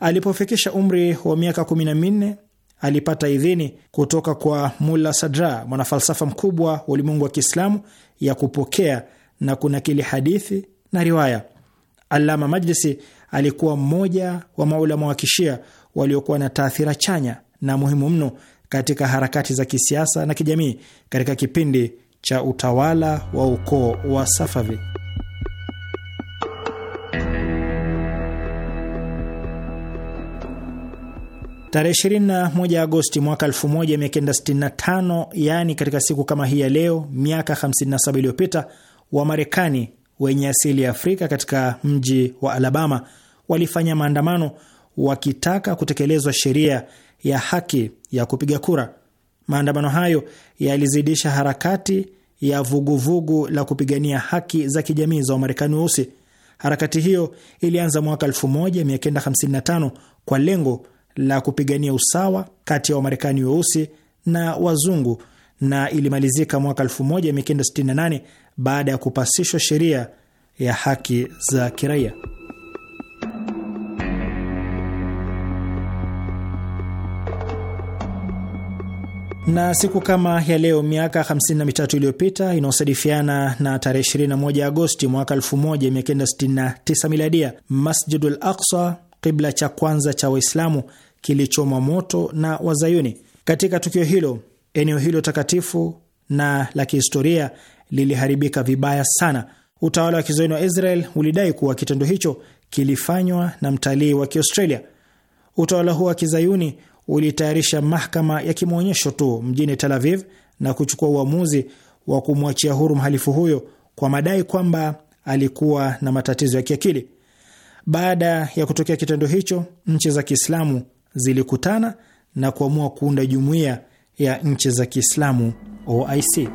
Alipofikisha umri wa miaka minne alipata idhini kutoka kwa Mula Sadra, mwanafalsafa mkubwa wa ulimwengu wa Kiislamu, ya kupokea na kunakili hadithi na riwaya. Alama Majlisi alikuwa mmoja wa maulama wa kishia waliokuwa na taathira chanya na muhimu mno katika harakati za kisiasa na kijamii katika kipindi cha utawala wa ukoo wa Safavi. Tarehe 21 Agosti mwaka 1965, yaani katika siku kama hii ya leo, miaka 57 iliyopita, Wamarekani wenye asili ya Afrika katika mji wa Alabama walifanya maandamano wakitaka kutekelezwa sheria ya haki ya kupiga kura. Maandamano hayo yalizidisha harakati ya vuguvugu vugu la kupigania haki za kijamii za Wamarekani weusi. Harakati hiyo ilianza mwaka 1955 kwa lengo la kupigania usawa kati ya Wamarekani weusi na wazungu na ilimalizika mwaka 1968 baada ya kupasishwa sheria ya haki za kiraia. na siku kama ya leo miaka 53 iliyopita inaosadifiana na tarehe 21 Agosti mwaka 1969 miladia, Masjidul Aqsa, kibla cha kwanza cha Waislamu, kilichomwa moto na Wazayuni. Katika tukio hilo, eneo hilo takatifu na la kihistoria liliharibika vibaya sana. Utawala wa kizayuni wa Israel ulidai kuwa kitendo hicho kilifanywa na mtalii wa Kiaustralia. Utawala huo wa kizayuni ulitayarisha mahakama ya kimwonyesho tu mjini Tel Aviv na kuchukua uamuzi wa kumwachia huru mhalifu huyo kwa madai kwamba alikuwa na matatizo ya kiakili. Baada ya kutokea kitendo hicho, nchi za Kiislamu zilikutana na kuamua kuunda jumuiya ya nchi za Kiislamu OIC.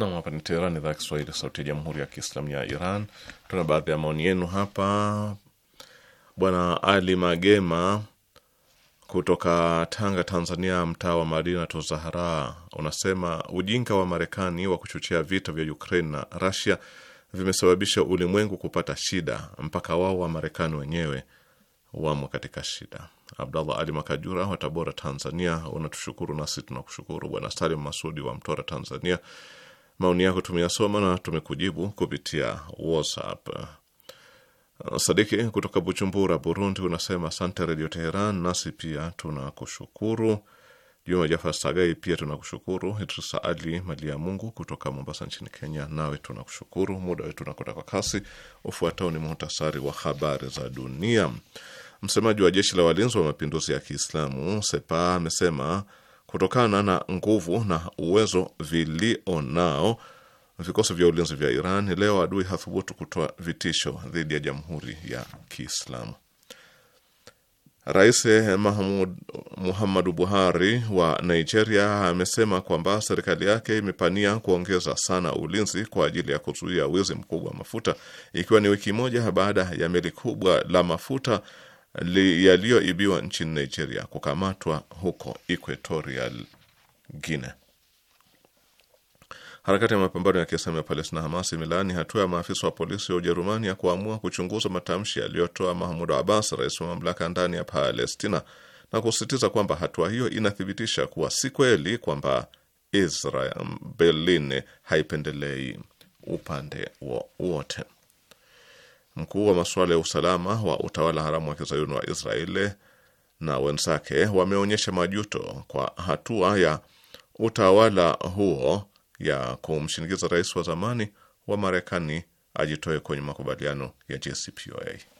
Nam, hapa ni Teheran, idhaa ya Kiswahili, sauti ya jamhuri ya kiislamu ya Iran. Tuna baadhi ya maoni yenu hapa. Bwana Ali Magema kutoka Tanga, Tanzania, mtaa wa Madina tu Zahara, unasema ujinga wa Marekani wa kuchochea vita vya Ukraine na rusia vimesababisha ulimwengu kupata shida, mpaka wao wa Marekani wenyewe wamo katika shida. Abdallah Ali Makajura wa Tabora, Tanzania, unatushukuru, nasi tunakushukuru. Bwana Salim Masudi wa Mtora, Tanzania Maoni yako tumeyasoma na tumekujibu kupitia WhatsApp. Uh, Sadiki kutoka Bujumbura, Burundi, unasema asante Redio Teheran, nasi pia tunakushukuru. Juma Jafar Sagai, pia tunakushukuru. Idrisa Ali Mali ya Mungu kutoka Mombasa nchini Kenya, nawe tunakushukuru. Muda wetu unakwenda kwa kasi. Ufuatao ni muhtasari wa habari za dunia. Msemaji wa jeshi la walinzi wa mapinduzi ya Kiislamu Sepa amesema kutokana na nguvu na uwezo vilio nao vikosi vya ulinzi vya Iran, leo adui hathubutu kutoa vitisho dhidi ya jamhuri ya Kiislamu. Rais eh, Mahmud Muhammadu Buhari wa Nigeria amesema kwamba serikali yake imepania kuongeza sana ulinzi kwa ajili ya kuzuia wizi mkubwa wa mafuta, ikiwa ni wiki moja baada ya meli kubwa la mafuta yaliyoibiwa nchini Nigeria kukamatwa huko Equatorial Guinea. Harakati ya mapambano ya Kiislamu ya Palestina, Hamas, imelaani hatua ya maafisa wa polisi wa Ujerumani ya kuamua kuchunguza matamshi yaliyotoa Mahmud Abbas, rais wa mamlaka ndani ya Palestina, na kusisitiza kwamba hatua hiyo inathibitisha kuwa si kweli kwamba Israel Berlin haipendelei upande wowote. Mkuu wa masuala ya usalama wa utawala haramu wa kizayuni wa Israeli na wenzake wameonyesha majuto kwa hatua ya utawala huo ya kumshinikiza rais wa zamani wa Marekani ajitoe kwenye makubaliano ya JCPOA.